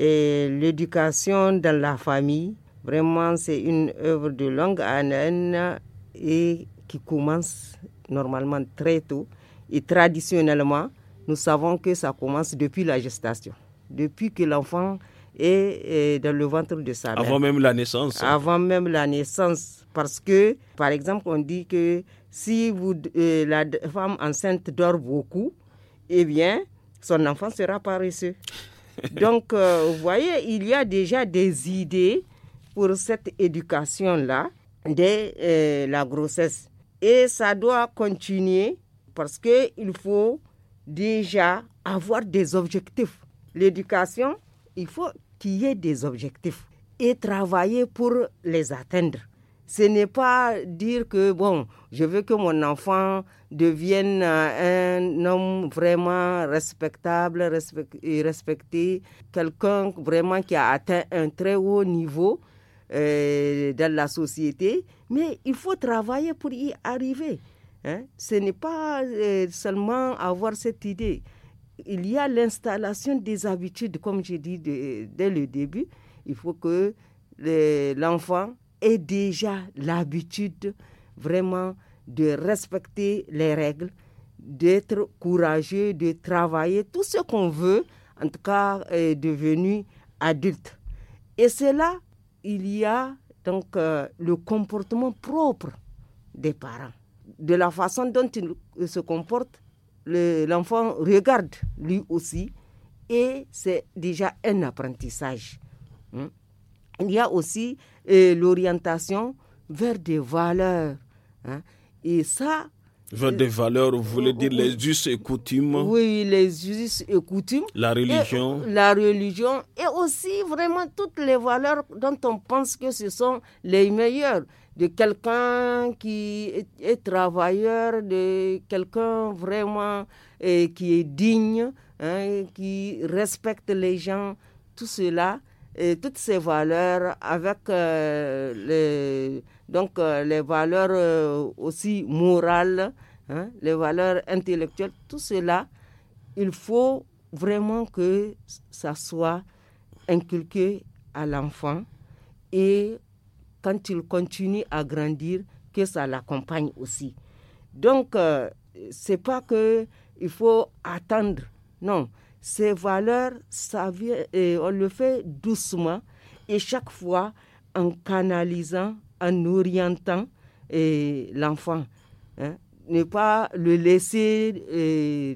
et l'éducation dans la famille. Vraiment, c'est une œuvre de longue haleine et qui commence normalement très tôt. Et traditionnellement, nous savons que ça commence depuis la gestation, depuis que l'enfant est, dans le ventre de sa mère. Avant même la naissance. Avant même la naissance. Parce que, par exemple, on dit que si vous, euh, la femme enceinte dort beaucoup, eh bien, son enfant sera paresseux. Donc, euh, vous voyez, il y a déjà des idées pour cette éducation-là de euh, la grossesse. Et ça doit continuer parce qu'il faut déjà avoir des objectifs. L'éducation, il faut qu'il y ait des objectifs et travailler pour les atteindre ce n'est pas dire que, bon, je veux que mon enfant devienne euh, un homme vraiment respectable et respecté, quelqu'un vraiment qui a atteint un très haut niveau euh, dans la société, mais il faut travailler pour y arriver. Hein? Ce n'est pas euh, seulement avoir cette idée. Il y a l'installation des habitudes, comme j'ai dit dès le début. Il faut que l'enfant est déjà l'habitude vraiment de respecter les règles, d'être courageux, de travailler, tout ce qu'on veut, en tout cas est euh, devenu adulte. Et cela il y a donc euh, le comportement propre des parents, de la façon dont ils euh, se comportent. L'enfant regarde lui aussi et c'est déjà un apprentissage. Hein. Il y a aussi euh, l'orientation vers des valeurs. Hein. Et ça... Vers des valeurs, vous voulez dire les euh, us et coutumes Oui, les us et coutumes. La religion. la religion et aussi vraiment toutes les valeurs dont on pense que ce sont les meilleures de quelqu'un qui est, travailleur, de quelqu'un vraiment et euh, qui est digne, hein, qui respecte les gens, tout cela, et toutes ces valeurs avec euh, les, donc, euh, les valeurs euh, aussi morales, hein, les valeurs intellectuelles, tout cela, il faut vraiment que ça soit inculqué à l'enfant et quand il continue à grandir, que ça l'accompagne aussi. Donc, c'est pas que il faut attendre, non ces valeurs, ça vient, euh, on le fait doucement et chaque fois en canalisant, en orientant euh, l'enfant. Hein. Ne pas le laisser euh,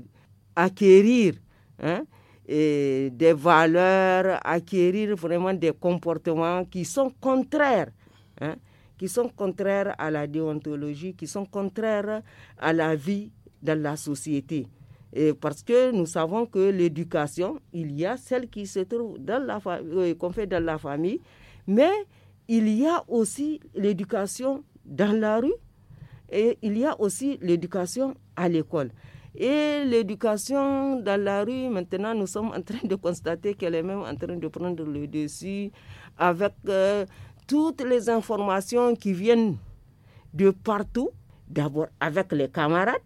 acquérir hein, des valeurs, acquérir vraiment des comportements qui sont contraires. Hein, qui sont contraires à la déontologie, qui sont contraires à la vie dans la société. Et parce que nous savons que l'éducation, il y a celle qui se trouve dans la euh, qu'on fait dans la famille, mais il y a aussi l'éducation dans la rue et il y a aussi l'éducation à l'école. Et l'éducation dans la rue, maintenant, nous sommes en train de constater qu'elle est même en train de prendre le dessus avec euh, toutes les informations qui viennent de partout, d'abord avec les camarades,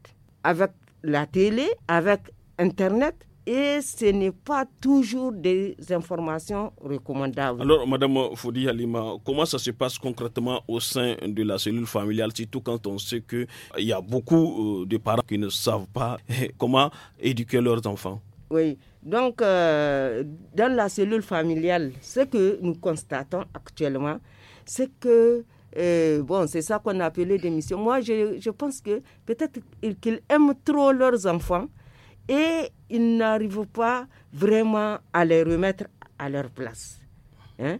avec la télé, avec Internet, et ce n'est pas toujours des informations recommandables. Alors, Madame Foudi Halima, comment ça se passe concrètement au sein de la cellule familiale, surtout quand on sait qu'il euh, y a beaucoup euh, de parents qui ne savent pas comment éduquer leurs enfants Oui, donc euh, dans la cellule familiale, ce que nous constatons actuellement, c'est que euh, bon, c'est ça qu'on a appelé Moi, je, je pense que peut-être qu'ils aiment trop leurs enfants et ils n'arrivent pas vraiment à les remettre à leur place. Hein?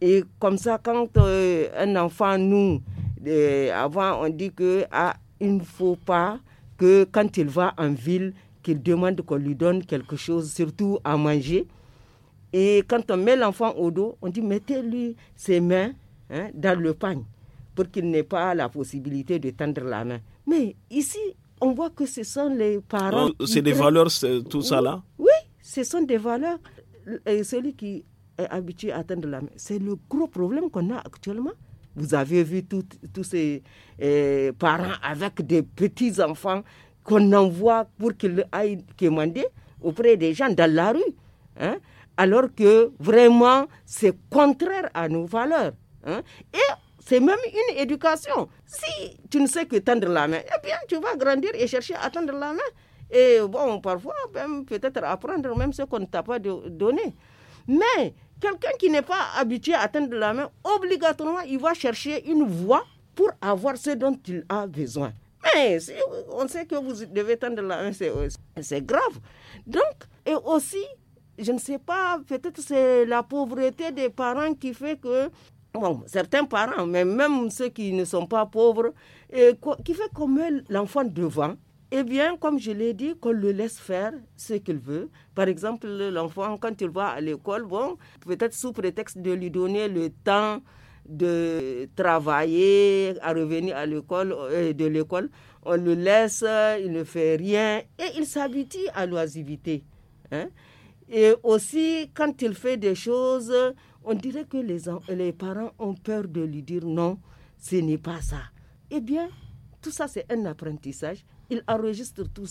Et comme ça, quand euh, un enfant, nous, euh, avant, on dit que ah, il ne faut pas que quand il va en ville, qu'il demande qu'on lui donne quelque chose, surtout à manger. Et quand on met l'enfant au dos, on dit mettez-lui ses mains Hein, dans le pagne pour qu'il n'ait pas la possibilité de tendre la main. Mais ici, on voit que ce sont les parents. Oh, c'est des valeurs, tout ça là Oui, ce sont des valeurs. Et celui qui est habitué à tendre la main, c'est le gros problème qu'on a actuellement. Vous avez vu tous ces eh, parents avec des petits-enfants qu'on envoie pour qu'ils aillent commander auprès des gens dans la rue. Hein? Alors que vraiment, c'est contraire à nos valeurs. Hein? Et c'est même une éducation. Si tu ne sais que tendre la main, eh bien, tu vas grandir et chercher à tendre la main. Et bon, parfois, peut-être apprendre même ce qu'on ne t'a pas donné. Mais quelqu'un qui n'est pas habitué à tendre la main, obligatoirement, il va chercher une voie pour avoir ce dont il a besoin. Mais si on sait que vous devez tendre la main, c'est grave. Donc, et aussi, je ne sais pas, peut-être c'est la pauvreté des parents qui fait que Bon, certains parents, mais même ceux qui ne sont pas pauvres, et qui fait comme l'enfant devant, eh bien, comme je l'ai dit, qu'on le laisse faire ce qu'il veut. Par exemple, l'enfant, quand il va à l'école, bon, peut-être sous prétexte de lui donner le temps de travailler, à revenir à l'école, euh, de l'école, on le laisse, il ne fait rien et il s'habitue à l'oisivité. Hein? Et aussi, quand il fait des choses, on dirait que les, les parents ont peur de lui dire non, ce n'est pas ça. Eh bien, tout ça, c'est un apprentissage. Il enregistre tout